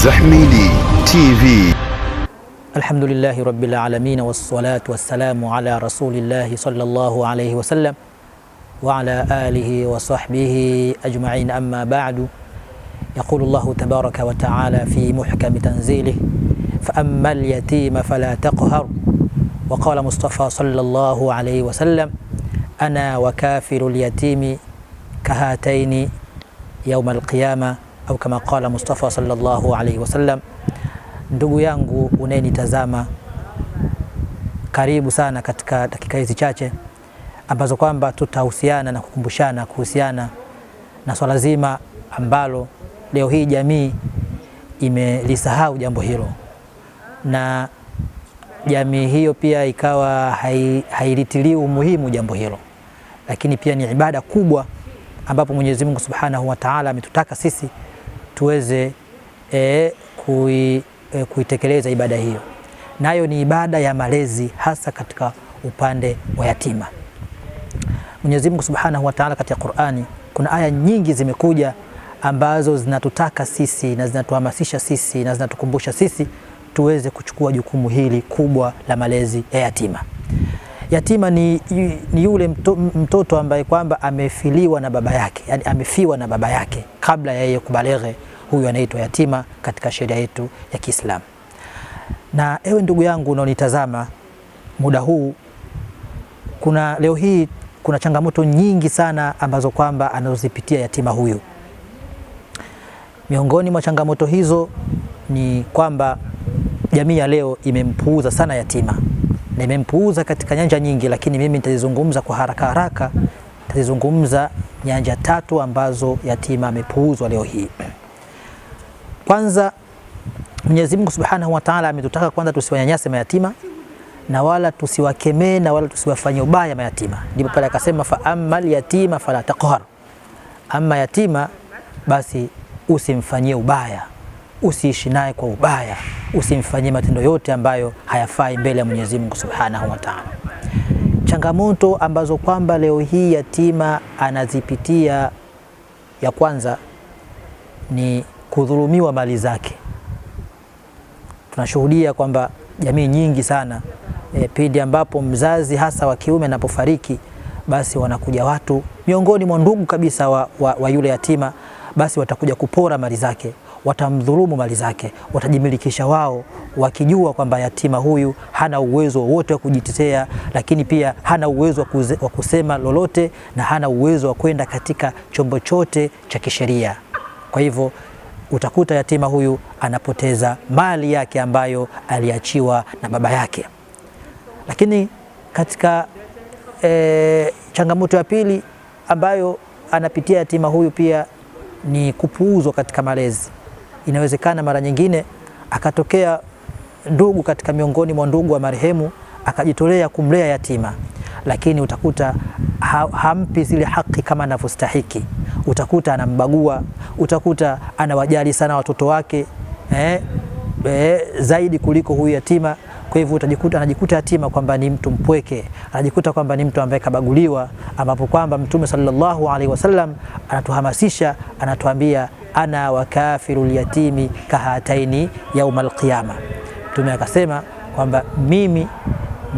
الزحميلي تي في الحمد لله رب العالمين والصلاة والسلام على رسول الله صلى الله عليه وسلم وعلى آله وصحبه أجمعين أما بعد يقول الله تبارك وتعالى في محكم تنزيله فأما اليتيم فلا تقهر وقال مصطفى صلى الله عليه وسلم أنا وكافر اليتيم كهاتين يوم القيامة au kama qala Mustafa sallallahu alaihi wasallam. Ndugu yangu unayenitazama, karibu sana katika dakika hizi chache ambazo kwamba tutahusiana na kukumbushana kuhusiana na swala zima ambalo leo hii jamii imelisahau jambo hilo, na jamii hiyo pia ikawa hailitilii umuhimu jambo hilo, lakini pia ni ibada kubwa ambapo Mwenyezi Mungu Subhanahu wa Ta'ala ametutaka sisi tuweze e, kui, e, kuitekeleza ibada hiyo, nayo ni ibada ya malezi, hasa katika upande wa yatima. Mwenyezi Mungu Subhanahu wa Ta'ala katika Qur'ani, kuna aya nyingi zimekuja ambazo zinatutaka sisi na zinatuhamasisha sisi na zinatukumbusha sisi tuweze kuchukua jukumu hili kubwa la malezi ya yatima. Yatima ni, ni yule mto, mtoto ambaye kwamba amefiliwa na baba yake, yani amefiwa na baba yake kabla ya yeye kubaleghe huyu anaitwa yatima katika sheria yetu ya Kiislamu. Na ewe ndugu yangu unaonitazama muda huu, kuna leo hii kuna changamoto nyingi sana ambazo kwamba anazozipitia yatima huyu. Miongoni mwa changamoto hizo ni kwamba jamii ya leo imempuuza sana yatima na imempuuza katika nyanja nyingi, lakini mimi nitazizungumza kwa haraka haraka, nitazizungumza nyanja tatu ambazo yatima amepuuzwa leo hii. Kwanza Mwenyezi Mungu Subhanahu wa Ta'ala ametutaka kwanza tusiwanyanyase mayatima na wala tusiwakemee na wala tusiwafanye ubaya mayatima. Ndipo pale akasema fa amal yatima fala taqhar, ama yatima basi usimfanyie ubaya, usiishi naye kwa ubaya, usimfanyie matendo yote ambayo hayafai mbele ya Mwenyezi Mungu Subhanahu wa Ta'ala. Changamoto ambazo kwamba leo hii yatima anazipitia, ya kwanza ni kudhulumiwa mali zake. Tunashuhudia kwamba jamii nyingi sana e, pindi ambapo mzazi hasa wa kiume anapofariki, basi wanakuja watu miongoni mwa ndugu kabisa wa, wa, wa yule yatima, basi watakuja kupora mali zake, watamdhulumu mali zake, watajimilikisha wao wakijua kwamba yatima huyu hana uwezo wowote wa kujitetea, lakini pia hana uwezo wa kusema lolote na hana uwezo wa kwenda katika chombo chote cha kisheria. Kwa hivyo utakuta yatima huyu anapoteza mali yake ambayo aliachiwa na baba yake. Lakini katika e, changamoto ya pili ambayo anapitia yatima huyu pia ni kupuuzwa katika malezi. Inawezekana mara nyingine akatokea ndugu katika miongoni mwa ndugu wa marehemu akajitolea kumlea yatima, lakini utakuta ha, hampi zile haki kama anavyostahiki. Utakuta anambagua utakuta anawajali sana watoto wake eh, eh, zaidi kuliko huyu yatima. Kwa hivyo utajikuta anajikuta yatima kwamba ni mtu mpweke, anajikuta kwamba ni mtu ambaye kabaguliwa, ambapo kwamba Mtume sallallahu alaihi wasallam anatuhamasisha, anatuambia ana wakafiru lyatimi kahataini yaumal alqiyama. Mtume akasema kwamba mimi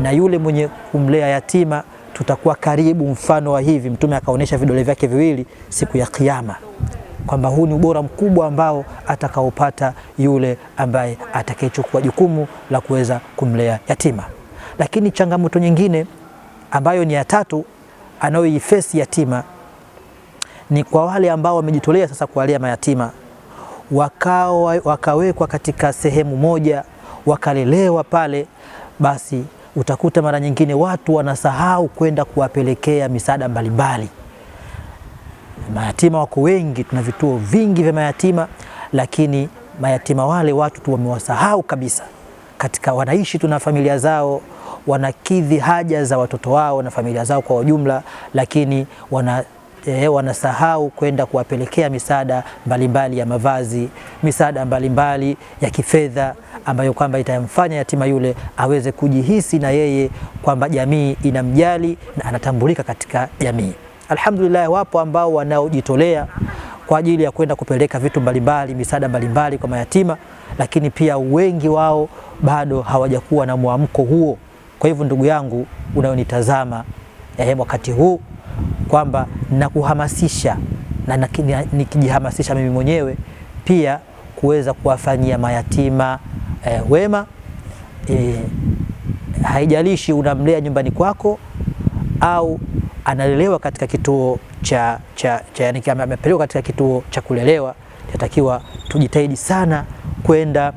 na yule mwenye kumlea yatima tutakuwa karibu mfano wa hivi. Mtume akaonyesha vidole vyake viwili siku ya Kiyama kwamba huu ni ubora mkubwa ambao atakaopata yule ambaye atakayechukua jukumu la kuweza kumlea yatima. Lakini changamoto nyingine ambayo ni ya tatu anayoifesi yatima ni kwa wale ambao wamejitolea sasa kuwalea mayatima wakawa, wakawekwa katika sehemu moja wakalelewa pale, basi utakuta mara nyingine watu wanasahau kwenda kuwapelekea misaada mbalimbali. Mayatima wako wengi, tuna vituo vingi vya mayatima, lakini mayatima wale watu tu wamewasahau kabisa katika wanaishi tuna familia zao, wanakidhi haja za watoto wao na familia zao kwa ujumla, lakini wana, eh, wanasahau kwenda kuwapelekea misaada mbalimbali ya mavazi, misaada mbalimbali ya kifedha ambayo kwamba itamfanya yatima yule aweze kujihisi na yeye kwamba jamii inamjali na anatambulika katika jamii. Alhamdulillah, wapo ambao wanaojitolea kwa ajili ya kwenda kupeleka vitu mbalimbali, misaada mbalimbali kwa mayatima, lakini pia wengi wao bado hawajakuwa na mwamko huo. Kwa hivyo, ndugu yangu unayonitazama eh, wakati huu kwamba nakuhamasisha na nikijihamasisha mimi mwenyewe pia kuweza kuwafanyia mayatima eh, wema eh, haijalishi unamlea nyumbani kwako au analelewa katika kituo cha, cha, cha yani amepelekwa katika kituo cha kulelewa, yatakiwa tujitahidi sana kwenda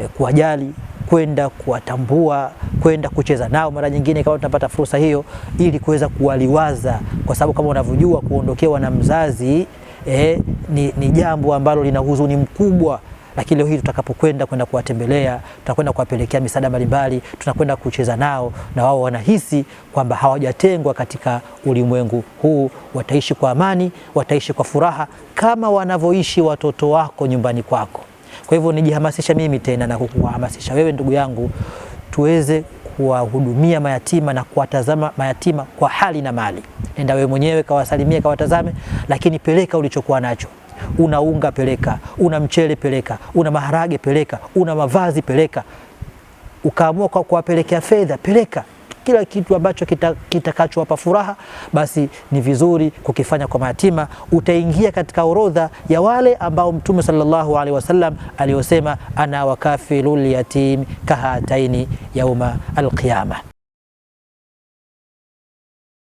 eh, kuwajali kwenda kuwatambua, kwenda kucheza nao mara nyingine kama tunapata fursa hiyo, ili kuweza kuwaliwaza, kwa sababu kama unavyojua kuondokewa na mzazi eh, ni, ni jambo ambalo lina huzuni mkubwa lakini leo hii tutakapokwenda kwenda kuwatembelea, tutakwenda kuwapelekea misaada mbalimbali, tunakwenda kucheza nao na wao wanahisi kwamba hawajatengwa katika ulimwengu huu, wataishi kwa amani, wataishi kwa furaha kama wanavyoishi watoto wako nyumbani kwako. Kwa hivyo nijihamasisha mimi tena na kukuhamasisha wewe ndugu yangu, tuweze kuwahudumia mayatima na kuwatazama mayatima kwa hali na mali. Nenda wewe mwenyewe kawasalimie, kawatazame, lakini peleka ulichokuwa nacho una unga peleka, una mchele peleka, una maharage peleka, una mavazi peleka. Ukaamua kwa kuwapelekea fedha peleka kila kitu ambacho kitakachowapa kita furaha basi ni vizuri kukifanya kwa mayatima. Utaingia katika orodha ya wale ambao Mtume sallallahu alaihi wasallam aliyosema, ana wakafilul yatim kahataini yauma alqiyama.